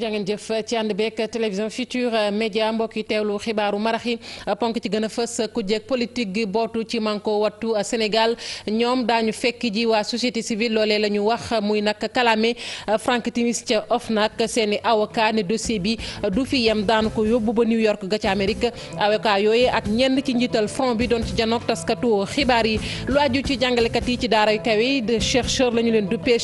jàngeen jëf ci ànd beeg télévision Futur Média mbokk yi teewlu xibaaru marax yi ponk ci gën a fës ku jeeg politique gi bootu ci manko wattu Sénégal ñoom daañu fekk ji waa société civile loolee la ñu wax muy nag kalaame Franck Timis ca OFNAC seeni avocat ne dossier bi du fi yem daanu ko yóbbu ba New York ga ca Amérique avocat yooyu ak ñenn ci njiital front bi doon ci janoog taskatu xibaar yi lu aju ci jàngalekat yi ci daara kawe yi de chercheur la leen duppee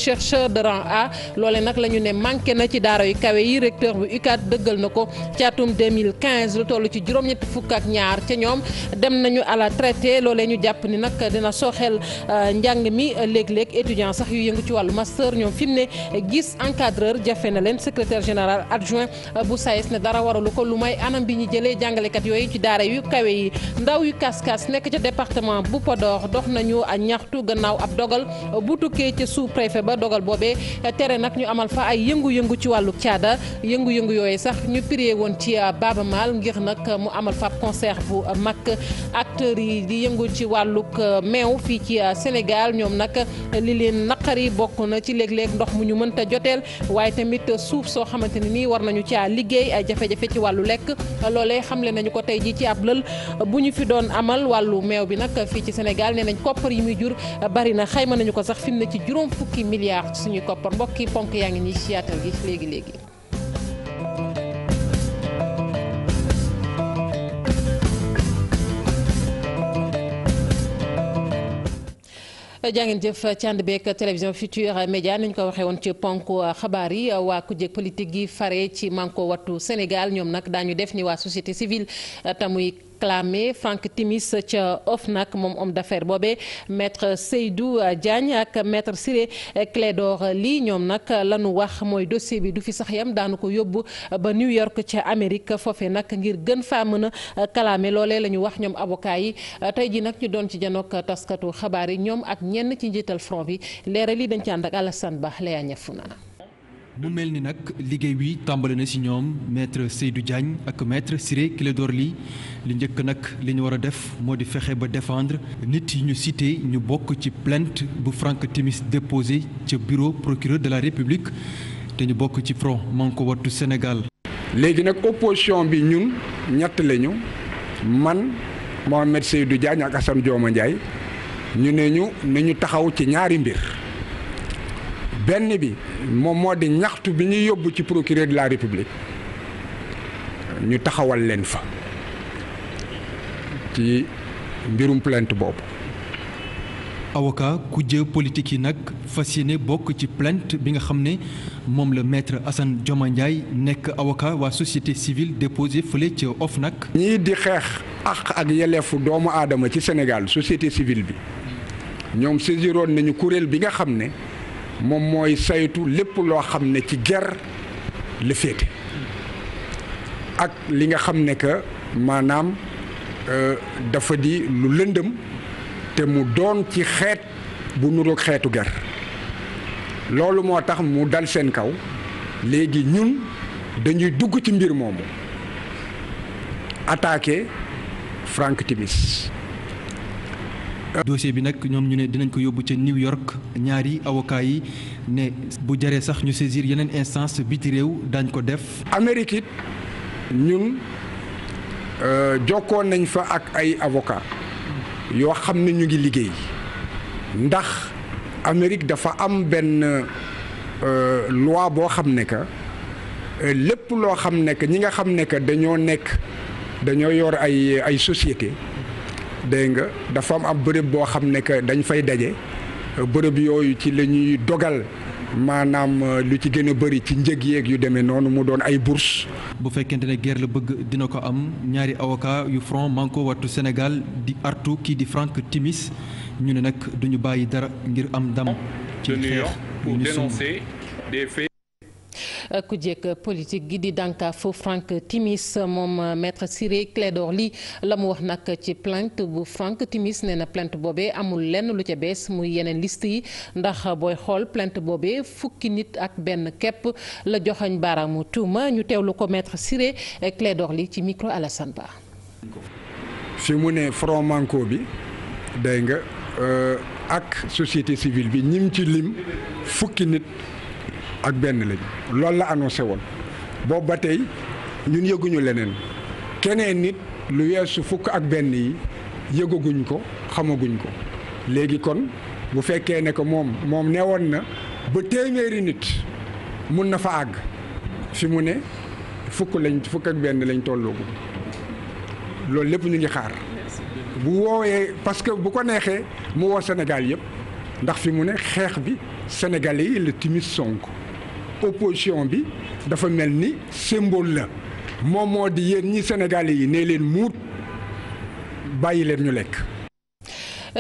A yi recteur bu UCAD dëggal na ko ci atum 2015 lu toll ci juróom-ñetti fukk ak ñaar ca ñoom dem nañu à la traité loolee ñu jàpp ni nag dina sooxeel euh, njàng mi léeg-léeg étudiant sax yu yëngu ci wàllu masteur ñoom fi mu ne gis encadreur jafe na leen secretaire général adjoint euh, bu SAES e ne dara waralu ko lu may anam bi ñu jëlee jàngalekat yooyu ci daara yu kawe yi ndaw yu kaskas nekk ca département bu Podor dox nañu ñaxtu gannaaw ab dogal bu tukkee ca sous préfet ba dogal boobee tere nag ñu amal fa ay yëngu-yëngu ci wàllu caada la yëngu-yëngu yooyu sax ñu piree woon ci euh, Baaba Maal ngir nag mu amal fab concert bu mag acteurs yi di yëngu ci wàllug euh, meew fii ci euh, Sénégal ñoom nag li leen naqari bokk na ci léeg ndox mu ñu mënta joteel waaye tamit suuf soo xamante ne nii war nañu caa liggéey ay jafe ci wàllu lekk loolee xamle nañu ko tey ji ci ab lël bu ñu fi doon amal wàllu meew bi nag fii ci Sénégal nee nañ koppar yi muy jur bari na xayma nañu ko sax fi mu ci juróom fukki milliards suñuy koppar mbokki ponk yaa ngi nii ci yaatal léegi léegi. jàngeen jëf ci ànd beeg télévision Futurs Médias ni ñu ko waxee woon ci ponk xabaar yi waa kujje politique gi fare ci manko wattu Sénégal ñoom nag daañu def ni waa société civile tamuy clamé Franck Timis ca nag moom homme d'affaires boobee maître Seydou Diagne ak maître Siré Clédor lii ñoom nag lanu wax mooy dossier bi du fi sax yam daanu ko yóbbu ba New York ca Amérique foofe nag ngir gën faa mën a clamé loolee la ñu wax ñoom avocat yi tey ji nag ñu doon ci janook taskatu xabaar yi ñoom ak ñenn ci njiital front bi leeral lii dañ ci ànd ak Alassane Ba Leya Niafouna mu mel ni nag liggéey bi tàmbali na si ñoom maître Seydou Diagne ak maître Ciré Clédor Ly li njëkk nag li ñu war a def moo di fexe ba defendre nit yi ñu cité ñu bokk ci plainte bu Franck Timis déposé ca bureau procureur de la République te ñu bokk ci front Manko Wattu Sénégal. léegi nag opposition bi ñun ñett lañu man Mohamed Seydou Diagne ak Assane Dioma Ndiaye ñu ne ñu ne ñu taxaw ci ñaari mbir. benn bi moom moo di ñaxtu bi ñu yóbbu ci procureur de la république ñu taxawal leen fa ci mbirum plainte boobu. avocat ku jë politique yi nag fas yéene bokk ci plainte bi nga xam ne moom la maître Assane Dioma Ndiaye nekk awoka waa société civile déposé fële ca nag ñii di xeex àq ak yelleefu doomu aadama ci Sénégal société civile bi ñoom saisiroon nañu kuréel bi nga xam ne. moom mooy saytu lépp loo xam ne ci ger la féete ak li nga xam ne que maanaam euh, dafa di lu lëndëm te mu doon ci xeet bu nuru xeetu ger loolu moo tax mu dal seen kaw léegi ñun dañuy dugg ci mbir moomu attaqué Frank Timis dossier bi nag ñoom ñu ne dinañ ko yóbbu ca New York ñaari avocat yi ne bu jaree sax ñu saisir yeneen instance biti réew dañ ko def. Amérique it ñun euh, jokkoon nañ fa ak ay avocat yoo xam ne ñu ngi liggéey ndax Amérique dafa am benn euh, loi boo xam ne que euh, lépp loo xam ne que ñi nga xam ne que dañoo nekk dañoo yor ay ay société dégg nga dafa am am bërëb boo xam ne que dañ fay daje bërëb yooyu ci la ñuy dogal maanaam lu ci gën a bëri ci njëg yeeg yu demee noonu mu doon ay bourse bu fekkente ne guerre la bëgg dina ko am ñaari avocat yu front manko watu senegal di artu kii di Franck Timis ñu ne nag duñu bàyyi dara ngir am ndam. ci xeex pour dénoncer des Euh, ku jekk politique gi di dànkaafu Franck Timis moom euh, maître Ciré Clédor Ly la mu wax nag ci plainte bu Franck Timis nee na plainte boobee amul lenn lu ca bees muy yeneen liste yi ndax booy xool plainte boobe fukki nit ak benn kepp la joxoñ baaraamu tuuma ñu teewlu ko maître Ciré Clédor Ly ci micro Alassane Ba fi mu ne front bi day nga euh, ak société civile bi ñim ci lim fukki nit ak benn lañ loolu la annoncé woon boobu ba tey ñun yëguñu leneen keneen nit lu weesu fukk ak benn yi yëgaguñ ko xamaguñ ko léegi kon bu fekkee ne ko moom moom ne woon na ba téeméeri nit mun na fa àgg fi mu ne fukk lañ fukk ak benn lañ tolloogu loolu lépp ñu ngi xaar bu woowee parce que bu ko neexee mu woo Sénégal yëpp ndax fi mu ne xeex bi sénégalais yi la timis sonk opposition bi dafa mel ni symbole la moom moo di yéen ñi Sénégalais yi ne leen muut bàyyi leen ñu lekk.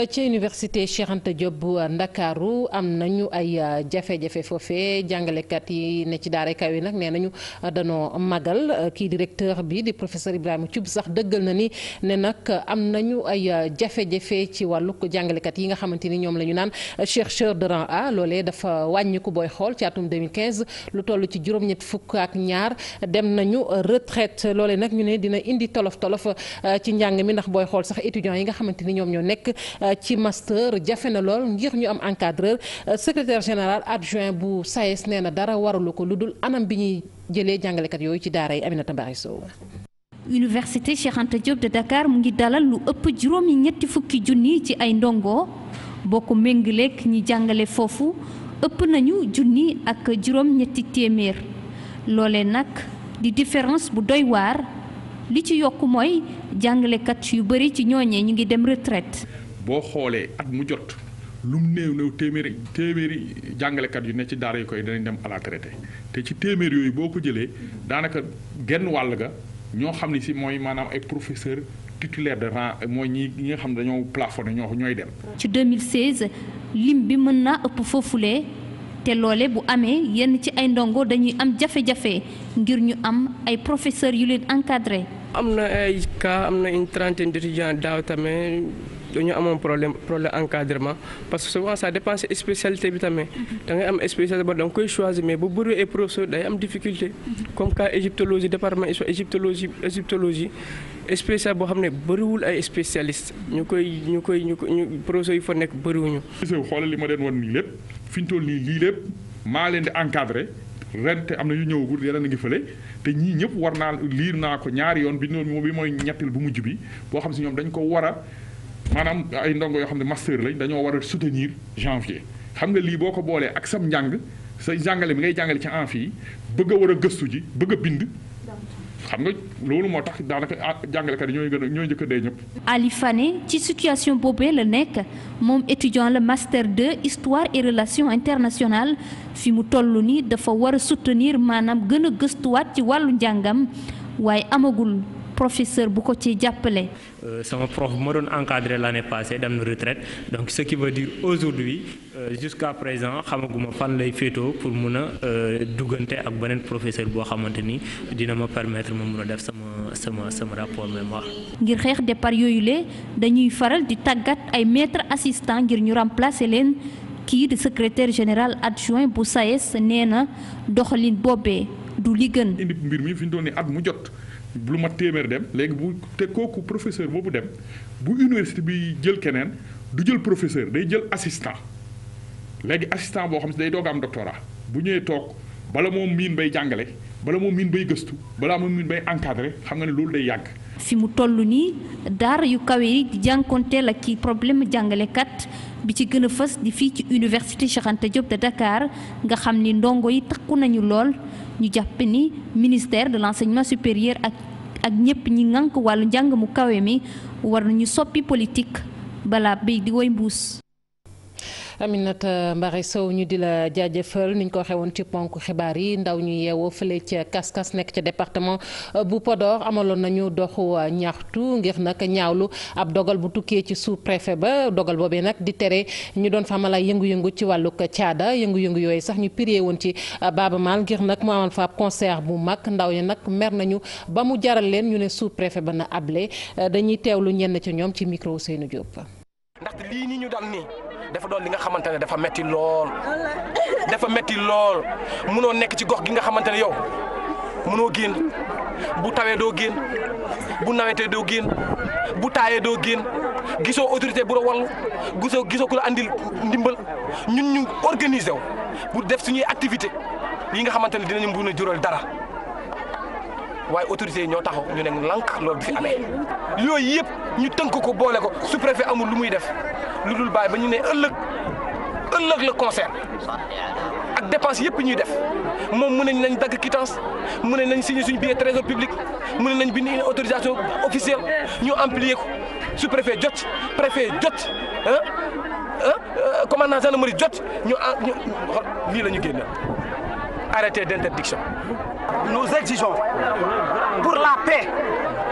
ci université Cheikh Anta Diop bu Ndakaaru am nañu ay euh, jafe-jafe foofee jàngalekat yi ne ci daara yi nag nee nañu euh, danoo magal euh, kii directeur bi di professeur Ibrahima Thioub sax dëggal na ni ne nag am nañu ay jafe-jafe ci wàllu jàngalekat yi nga xamante ni ñoom la ñu naan chercheur de rang A loolee dafa wàññiku booy xool ci atum 2015 lu toll ci juróom fukk ak ñaar dem nañu retraite loolee nag ñu ne dina indi tolof ci njàng mi ndax booy xool sax étudiants yi nga xamante ni ñoom ñoo nekk ci masteur jafe na lool ngir ñu am encadreur secretaire général adjoint bu SAES e nee na dara waralu ko lu dul anam bi ñuy jëlee jàngalekat yooyu ci daara yi Aminata Mbaye Sow université Cheikh Anta Diop de Dakar mu ngi dalal lu ëpp juróom ñetti fukki junni ci ay ndongo boo ko méngaleek ñi jàngale foofu ëpp nañu junni ak juróom ñetti téeméer loole nag di différence bu doy waar li ci yokk mooy jàngalekat yu bari ci ñooñee ñu ngi dem retrait boo xoolee at mu jot lu mu néew néew téeméeri téeméeri jàngalekat yu ne ci daara yu koy danañ dem à la traité te ci téeméer yooyu boo ko jëlee daanaka genn wàll ga ñoo xam ne si mooy maanaam ay professeur titulaire de rang mooy ñi ñi nga xam ne dañoo plafonné ñoo ñooy dem. ci 2016 lim bi mën naa ëpp foofulee te loole bu amee yenn ci ay ndongo dañuy am jafe-jafe ngir ñu am ay professeurs yu leen encadré. am na ay cas am na une trentaine d'étudiants daaw tamit. dañu amoon problème problème encadrement parce que souvent ça dépend si spécialité bi tamit da ngay am spécialité ba da nga koy choisir mais bu bëri ay professeur day am difficulté comme cas égyptologie département égyptologie égyptologie spécial boo xam ne bëriwul ay spécialiste ñu koy ñu koy ñu ko ñu professeur yi fa nekk bëriwuñu xoolal li ma leen wan nii lépp fi ñu toll nii lii lépp maa leen di encadré ren te am na yu ñëwagul yeneen a ngi fële te ñii ñëpp war naa liir naa ko ñaari yoon bi noonu bi mooy ñettil bu mujj bi boo xam si ñoom dañ ko war a maanaam ay ndongo yoo xam ne master lañ dañoo war a soutenir janvier xam nga lii boo ko boolee ak sam njàng sa jàngale bi ngay jàngale ci amphi yi bëgg a war gëstu ji bëgg a bind xam nga loolu moo tax daanaka ah, jàngalekat yi ñooy gën a ñooy njëkk a dee ñëpp. Ali Fane ci situation boobee la nekk moom étudiant la master 2 histoire et relations internationales fi mu toll nii dafa war a soutenir maanaam gën a gëstuwaat ci wàllu njàngam waaye amagul professeur bu ko ci jàppale. Euh, sama prof bu ma doon encadré l'année passée dem na retraite donc ce qui veut dire aujourd'hui euh, jusqu'à présent xamaguma fan lay féetoo pour mun a euh, duggante ak beneen professeur boo xamante ni dina ma permettre ma mun a def sama sama sama rapport mémoire. ngir xeex départ yooyu le dañuy faral di tàggat ay maîtres assistants ngir ñu remplacer leen. kii di secrétaire général adjoint bu SAES e nee na doxalin boobee du li gën. indi mbir mi fi ñu mu jot. lu mat téeméer dem léegi bu te kooku professeur boobu dem bu université bi jël keneen du jël professeur day jël assistant léegi assistant boo xam si day doog am doctorat bu ñëwee toog bala moom miin bay jàngale bala moom miin bay gëstu balaa moom miin bay encadré xam nga ne loolu day yàgg fi mu toll nii daar yu kawe yi di jànkonteel ak ci problème jàngalekat bi ci gën a fës di fii ci université Cheikh Anta Diop de Dakar nga xam ni ndongo yi takku nañu lool ñu jàpp ni ministère de l'enseignement supérieur ak ak ñëpp ñi nank wàllu njàng mu kawe mi war nañu soppi politique balaa béy di woy mbuus Aminata Mbaré Sow ñu di la jaajëfal niñ ko waxee woon ci ponk xibaar yi ndaw ñu yeewoo fële ca Kaskas nekk ca département bu podoor amaloon nañu doxu ñaxtu ngir nag ñaawlu ab dogal bu tukkee ci sous-préfet ba dogal boobee nag di tere ñu doon fa amal yëngu-yëngu ci wàllug caada yëngu-yëngu yooyu sax ñu piree woon ci Baaba Maal ngir nag mu amal fa ab concert bu mag ndaw yi nag mer nañu ba mu jaral leen ñu ne sous-préfet ba na able dañuy teewlu ñenn ci ñoom ci micro Ousseynou Diop. dafa doon li nga xamante ne dafa metti lool dafa metti lool munoo nekk ci gox gi nga xamante ne yow munoo génn bu tawee doo génn bu nawetee doo génn bu taayee doo génn gisoo autorité bu la wallu gisoo gisoo ku la andil ndimbal ñun ñu organiser wu bu def suñuy activité yi nga xamante ne dinañu mun a juróol dara. waaye autorités yi ñoo taxaw ñu ne lank loolu du fi amee yooyu yëpp ñu tënk ko boole ko su amul lu muy def lu dul bàyyi ba ñu ne ëllëg ëllëg la concert ak dépense yëpp ñuy def moom mu nañ nañ dagg kitans mu nañ nañ signé suñu billet trésor public mu nañ nañ bind une autorisation officielle ñu amplier ko su jot préfet jot ah ah commandant gendarmerie jot ñu ñu lii la ñu génne arrêté d'interdiction nous exigeons pour la paix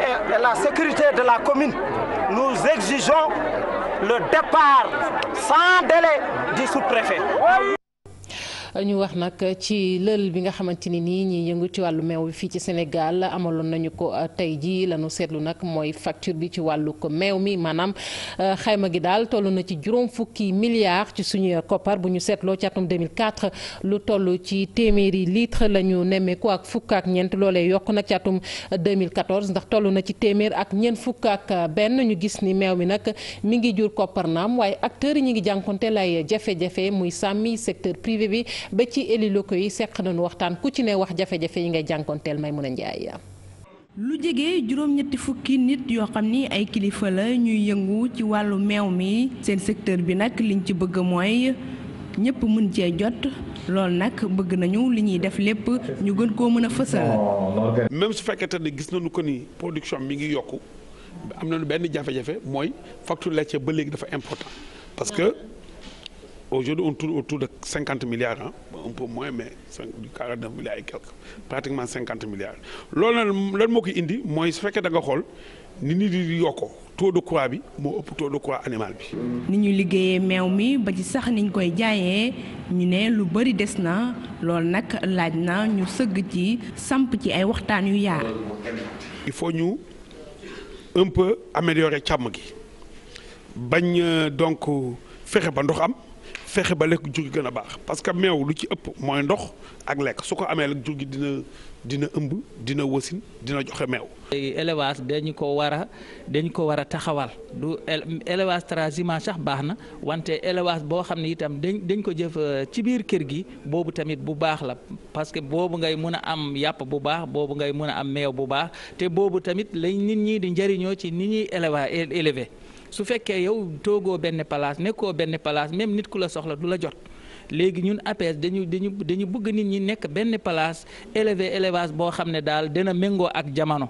et la sécurité de la commune, nous exigeons le départ sans délai du sous-préfet. ñu wax nag ci lël bi nga xamante ni nii ñiy yëngu ci wàllu meew bi fii ci Sénégal amaloon nañu ko euh, tey jii lañu seetlu nag mooy facture bi ci wàllu ko meew mi maanaam euh, xayma gi daal toll na ci juróom fukki milliards ci suñu koppar bu ñu seetloo ci atum 2004 lu toll ci téeméeri litre la ñu nemmeeku ak fukk ak ñeent loolee yokk nag ci atum 2014 ndax toll na ci téeméer ak ñeent fukk ak benn ñu gis ni meew mi nag mi ngi jur koppar naam waaye acteurs yi ñu ngi jànkonte lay jafe muy sàmmi secteur privé bi ba ci élus locaux yi seq nañu waxtaan ku ci ne wax jafe-jafe yi ngay jànkoonteel Maimouna Ndiaye lu jege juróom-ñetti fukki nit yoo xam ni ay kilifa la ñuy yëngu ci wàllu meew mi seen secteur bi nag liñ ci bëgg mooy ñëpp mën cee jot loolu nag bëgg nañu li ñuy def lépp ñu gën koo mën a fësal. même su fekkente ne gis nañu ko ni production mi ngi yokku am nañu benn jafe-jafe mooy facture laitière ba léegi dafa important parce que. Aujourd'hui, on tourne autour de 50 milliards, hein? un peu moins, mais 5, 49 milliards et quelques, pratiquement 50 milliards. loolu nag lan moo ko indi mooy su fekkee da nga xool ni nit di yokkoo taux de croix bi moo ëpp taux de croix animal bi. ni ñu liggéeyee meew mi ba ci sax niñ koy jaayee ñu ne lu bari des na loolu nag laaj na ñu sëgg ci samp ci ay waxtaan yu yaar. il faut ñu un peu améliorer càmm gi bañ euh, donc. fexe ba ndox am fexe ba lekk jur gi gën a baax parce que meew lu ci ëpp mooy ndox ak lekk su ko amee lekk jur dina dina ëmb dina wasin dina joxe meew. élevage dañ ko war a dañu ko war a taxawal du élevage transhumant sax baax na wante élevage boo xam ne itam dañ dañ ko jëf euh, ci biir kër gi boobu tamit bu baax la parce que boobu ngay mën a am yàpp bu baax boobu ngay mën a am meew bu baax te boobu tamit lañ nit ñi di njëriñoo ci nit ñuy éleva élevé. su fekkee yow toogoo benn palaas nekkoo benn palaas même nit ku la soxla du la jot. léegi ñun APS dañu dañu dañu bëgg nit ñi nekk benn place élever élevage boo xam ne daal dana méngoo ak jamono.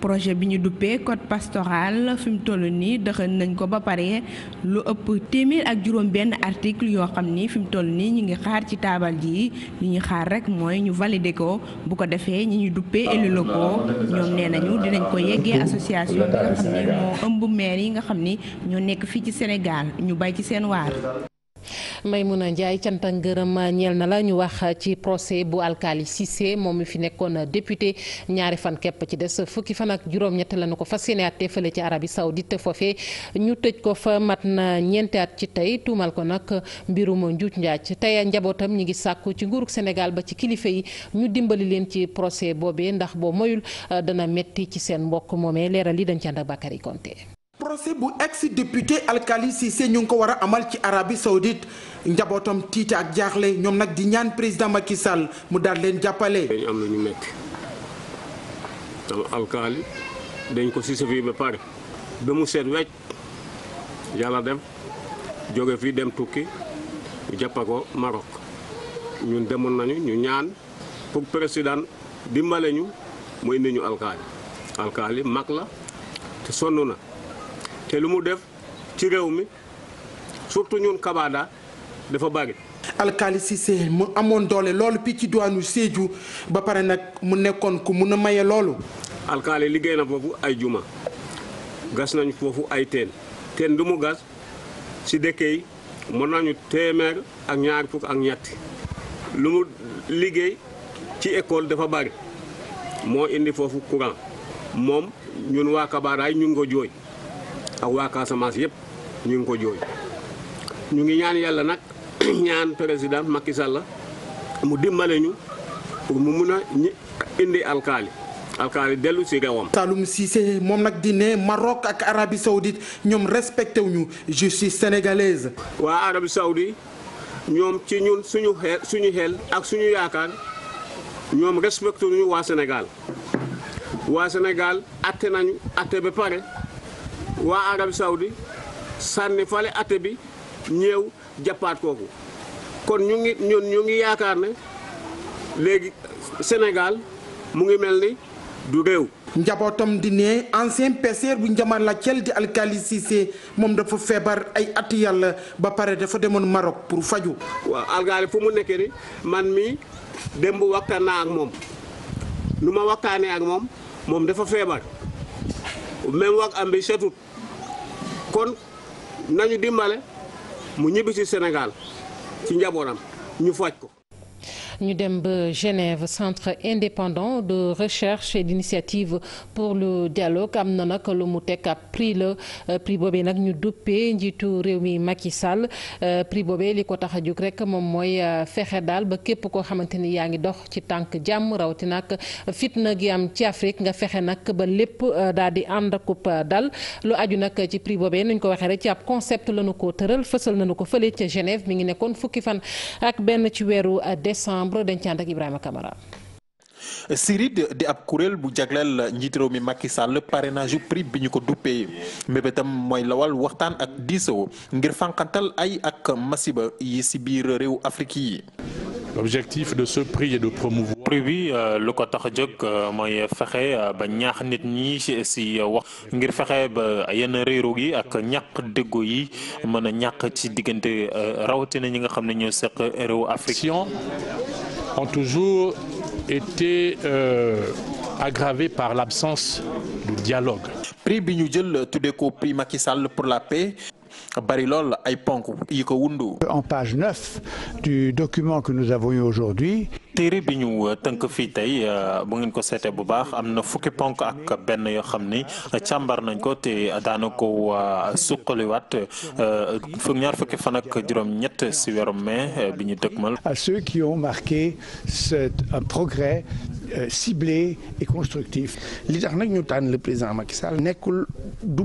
projet bi ñu duppee code pastoral fi mu toll nii dëxën nañ ko ba pare lu ëpp téeméer ak juróom benn article yoo xam ni fi mu toll nii ñu ngi xaar ci taabal ji li ñuy xaar rek mooy ñu valider ko bu ko defee ñi ñu duppee élus locaux ñoom nee nañu dinañ ko yeggee association bi nga xam ni moo ëmb maire yi nga xam ni ñoo nekk fii ci Sénégal ñu bay ci seen waar. Maymouna Ndiaye cant ak ngërëm ñeel na la ñu wax ci procès bu alkaali Cissé moom mi fi nekkoon député ñaari fan kepp ci des fukki fan ak juróom-ñett lañu ko fas yéene àtte fële ci Arabie Saoudite foofee ñu tëj ko fa mat na ñeenti at ci tey tuumal ko nag mbirum njuuj njaaj tey njabootam ñi ngi sàkku ci nguurug Sénégal ba ci kilifa yi ñu dimbali leen ci procès boobee ndax boo moyul dana metti ci seen mbokk moomee leeral li dañ ci ànd ak procès bu ex député Alkali Cissé ñu ngi ko war a amal ci Arabie Saoudite njabootam tiite ak jaaxle ñoom nag di ñaan président Macky Sall mu daal leen jàppale. dañu am lu ñu metti alkaali dañ ko Cissé fii ba pare ba mu seet wecc yàlla dem jóge fii dem tukki jàppa ko Maroc ñun demoon nañu ñu ñaan pour président dimbale ñu mu indi ñu alkaali alkaali mag la te sonn na. te lu mu def ci réew mi surtout ñun Kabada dafa bari. alkaali Cissé mu amoon doole loolu fii ci diwaanu ba pare nag mu nekkoon ku mun a maye loolu. alkaali liggéey na foofu ay juma gas nañu foofu ay teen teen du mu gas si dëkk yi mën nañu téeméer ak ñaari fukk ak ñetti lu mu liggéey ci école dafa bari moo indi foofu courant moom ñun waa Kabada yi ñun ko jooy. ak waa Casamance yëpp ñu ngi ko jooy ñu ngi ñaan yàlla nag ñaan président Macky Sall mu dimbale ñu pour mu mun a ñi indi alkaali alkaali dellu si réewam. Saloum Cissé moom nag di marok Maroc ak Arabie Saoudite ñoom respecté wuñu justice sénégalaise. waa Arabie Saoudite ñoom ci ñun suñu xel suñu xel ak suñu yaakaar ñoom respecté waa Sénégal waa Sénégal atte nañu atte ba pare. waa Arabie Saoudi sànni fale atte bi ñëw jàppaat kooku kon ñu ngi ñu ngi yaakaar ne léegi Sénégal mu ngi mel ni du réew. njabootam di ne ancien PCR bu njaman la cel di Alkali Cissé moom dafa feebar ay ati yàlla ba pare dafa demoon Maroc pour faju waaw Alkali fu mu nekkee ni man mii démb waxtaan naa ak moom nu ma waxtaanee ak moom moom dafa feebar même wax am bi setut kon nañu dimbale mu ñibbi si Sénégal ci njabootam ñu faj ko. ñu dem ba Genève centre indépendant de recherche et d'initiative pour le dialogue am na nag lu mu teg ab prix la euh, prix yi nag ñu duppee njiitu réew mi Macky Sall euh, prix boobee li ko tax a jug rek moom mooy euh, fexe daal ba képp koo xamante ni yaa ngi dox ci tànk jàmm rawatina ak fitna gi am ci Afrique nga fexe nag ba lépp daal di ànd akub dal lu aju nag ci prix boobee nuñ ko waxee rek ci ab concept lañu ko tëral fësal nañu ko fële ca Genève mi ngi nekkoon décembre dañ ci ànd ak Ibrahima Camara. di ab kuréel bu jagleel njiit réew mi Macky Sall parrainage prix bi ñu ko duppee mbébétam mooy lawal waxtaan ak diisoo ngir fànqantal ay ak masiba yi ci biir réew Afrique yi. L'objectif de ce de promouvoir prix bi euh, lu ko tax a jóg euh, mooy fexe euh, ba ñaax nit ñi si wax ngir fexe ba yenn réeru gi ak ñàkk déggoo yi mën a ñàkk ci diggante rawatina ñi nga xam ne ñoo seq réew Afrique. ont toujours été euh, aggravés par l'absence de dialogue. prix bi ñu jël tuddee ko prix Macky pour la paix. bari lool ay ponk yi ko wundu. en page neuf du document que nous avons eu aujourd'hui téere bi ñu euh, tënk fii tey euh, bu ngeen ko seetee bu baax am na fukki ponk ak benn yoo xam ni euh, càmbar nañ ko te daana ko suqaliwaat ñaar fukki fan ak juróom-ñett si weeru mai bi ñu dëgmal. à ceux qui ont marqué c'est un progrès ciblé et constructif. li tax nag ñu tànn le président Macky nekkul du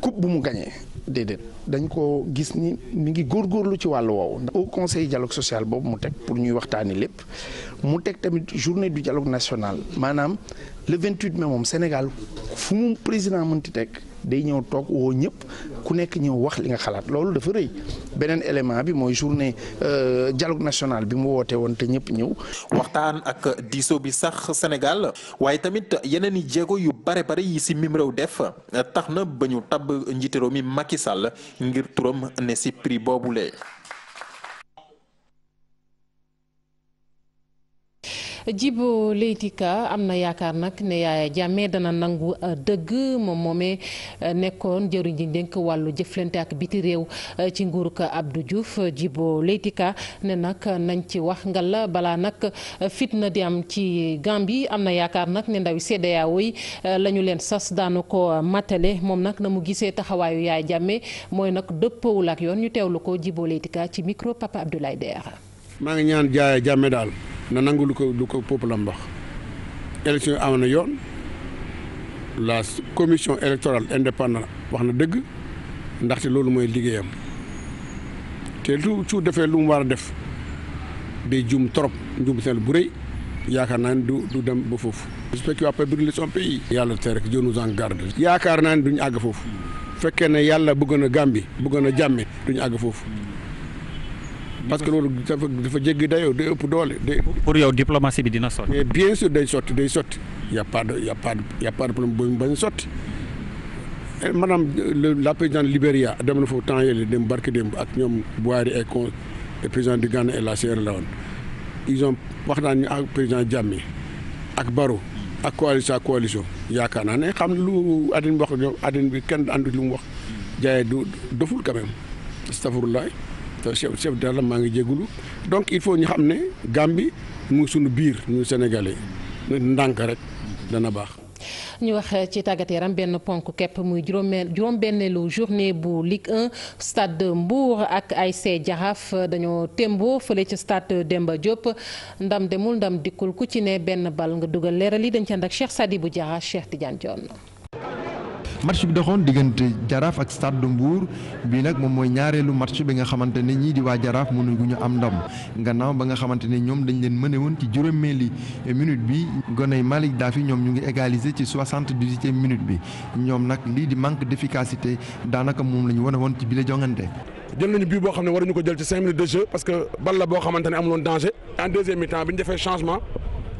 coupe bu mu gagné. déedéet dañ ko gis ni mu ngi góor góorlu ci wàllu woowu. au conseil dialogue social boobu mu teg pour ñuy waxtaani lépp mu teg tamit journée du dialogue national maanaam le vingt 28 mai moom Sénégal fu mu président mënti teg day ñëw toog woo ñëpp ku nekk ñëw wax li nga xalaat loolu dafa rëy beneen élément bi mooy journée euh, dialogue national bi mu wootee woon te ñëpp ñëw. waxtaan ak diisoo bi sax Sénégal waaye tamit yeneen i jéego yu bare bare yi si mim réew def tax na ba ñu tabb njiitéro mi Macky Sall ngir turam ne si prix boobule. Djibo Leyti am na yaakaar nag ne Yaya Jammeh dana nangu euh, dëgg moom moomee euh, nekkoon jëriñ ji dénk wàllu jëflante ak biti réew euh, ci nguuruk Abdou Diouf Djibo jibo Ka ne nag nañ ci wax la balaa nag fitna di am ci Gambie am na yaakaar nag ne ndawi CEDEAO yi la ñu leen sas daanu ko matale moom nag na mu gisee taxawaayu yaay Jammeh mooy nag dëppawul ak yoon ñu teewlu ko jibo Leyti ci micro Papa Abdoulaye Dera maa ngi ñaan Yaya Jammeh daal na nangu lu ko lu ko peuple am wax élection na yoon la commission électorale indépendant wax na dëgg ndaxte loolu mooy liggéeyam te lu su defee lu mu war a def day jum trop njum seen bu rëy yaakaar naa ni du du dem ba foofu. respecté waa pas brûler son pays. yàlla tere rek Dieu nous yaakaar naa ne duñu àgg foofu fekkee ne yàlla bëgg na Gàmbi bëgg na jàmme duñu àgg foofu. parce que loolu dafa dafa dayoo day ëpp doole day. pour yow diplomatie bi dina sotti. mais bien sûr day sotti day sotti y' a pas de y' a pas de bañ sotti eh, maanaam la présidente Libéria dem na foofu temps yële dem barki démb ak ñoom Boiry et con et et la Sierra Leone ils ont wax naa ñu ak président Jammeh ak Barrow ak coalition yaakaar naa ne xam lu addin bi wax ak ñoom bi kenn àndu lu mu wax jaayee du doful quand même chef chef de la maa ngi jégalu donc il faut ñu xam ne bi mu sunu suñu biir ñu Sénégalais ndànk rek dana baax. ñu wax ci tàggat yaram benn ponk kepp muy juróomeel juróom-benneelu journée bu Ligue 1 stade Mbour ak ASC Jaraaf dañoo témboo fële ca stade Demba Diop ndam demul ndam dikkul ku ci ne benn bal nga dugal leeral yi dañ ci ànd ak Cheikh Sadibou Diarra Cheikh Tidiane Dione match bi doxoon diggante jaraaf ak stade de Mbour bii nag moom mooy ñaareelu match bi nga xamante ne ñii di waa jaraaf ñu am ndam gannaaw ba nga xamante ne ñoom dañu leen mëne woon ci juróomeeli minute bi goney Malick Daffy ñoom ñu ngi égaliser ci soixante-dix-huitième minute bi ñoom nag lii di manque d'efficacité daanaka moom la ñu wane woon ci bile jongante. jël nañu bii boo xam ne waruñu ko jël ci cinq minutes de jeu parce que bal la boo xamante ne amuloon danger en deuxième mi-temps bi defee changement.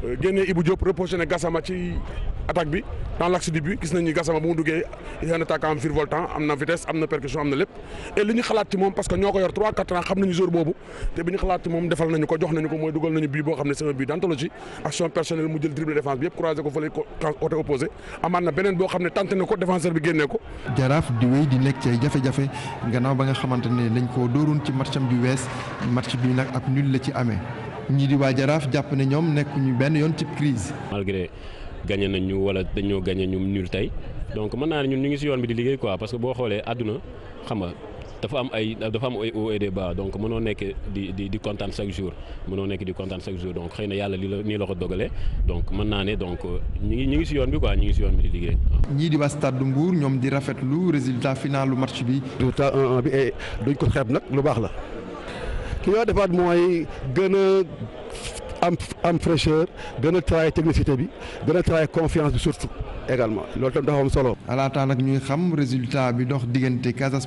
Euh, génnee Ibou Diop reproché ne Gassama ci attaque bi dans l'axe du but gis nañu Gassama bu mu duggee yenn attaquant am virevoltant am na vitesse am na percussion am na lépp et li ñu xalaat ci moom parce que ñoo ko yor 3 4 ans xam nañu jour boobu te bi ñu xalaat ci moom defal nañu ko jox nañu ko mooy dugal nañu bii boo xam ne c'est un but d'anthologie action personnelle mu jël dribble défense bi yëpp croisé ko fële côté opposé amaat na beneen boo xam ne nga xamante ne dañ koo dóoroon ci matcham bi wees match bi la ci amee. ñii di waa Jaraaf jàpp ne ñoom nekkuñu benn yoon ci crise malgré gagné nañ ñu wala dañoo gagné ñu nul tey donc mën naa ne ñun ñu ngi si yoon bi di liggéey quoi parce que boo xoolee àdduna xam nga dafa am ay dafa am ay hauts et donc mënoo nekk di di di kontaan chaque jour mënoo nekk di kontaan chaque jour donc xëy na yàlla li la nii la ko dogalee donc mën naa ne donc ñi ngi ñi ngi si yoon bi quoi ñi ngi si yoon bi di liggéey. ñii di waa stade Mbour ñoom di rafetlu résultat final lu match bi. résultat 1-1 bi duñ ko xeeb nag lu baax la. ki nga defaat mooy gën a am am fraîcheur gën a travailler technicité bi gën a travailler confiance bi surtout également loolu tam dafa solo. alaataa nag ñuy xam résultat bi dox diggante Casa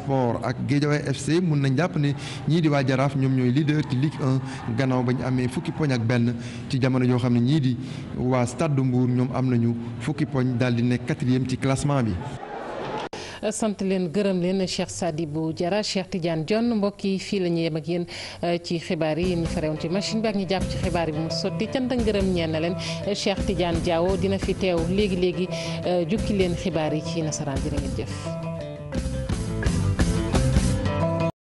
ak Guédiawaye FC mun nañ jàpp ne ñii di waa Jaraaf ñoom ñooy leader ci Ligue 1 gannaaw ba ñu amee fukki poñ ak benn ci jamono joo xam ne ñii di waa Stade de ñoom am nañu fukki poñ daal di nekk quatrième ci classement bi. sant leen gërëm leen Cheikh Sadibou Diarra Cheikh Tidiane Dione mbokk yi fii la ñu yem ak yéen euh, ci xibaar yi ñu farewoon ci machine bi ak ñu jàpp ci xibaar yi mu sotti cant ak gërëm ñeen na leen Cheikh Tidiane Diawo dina fi teew léegi léegi euh, jukki leen xibaar yi ci nasaraan jërë ngeen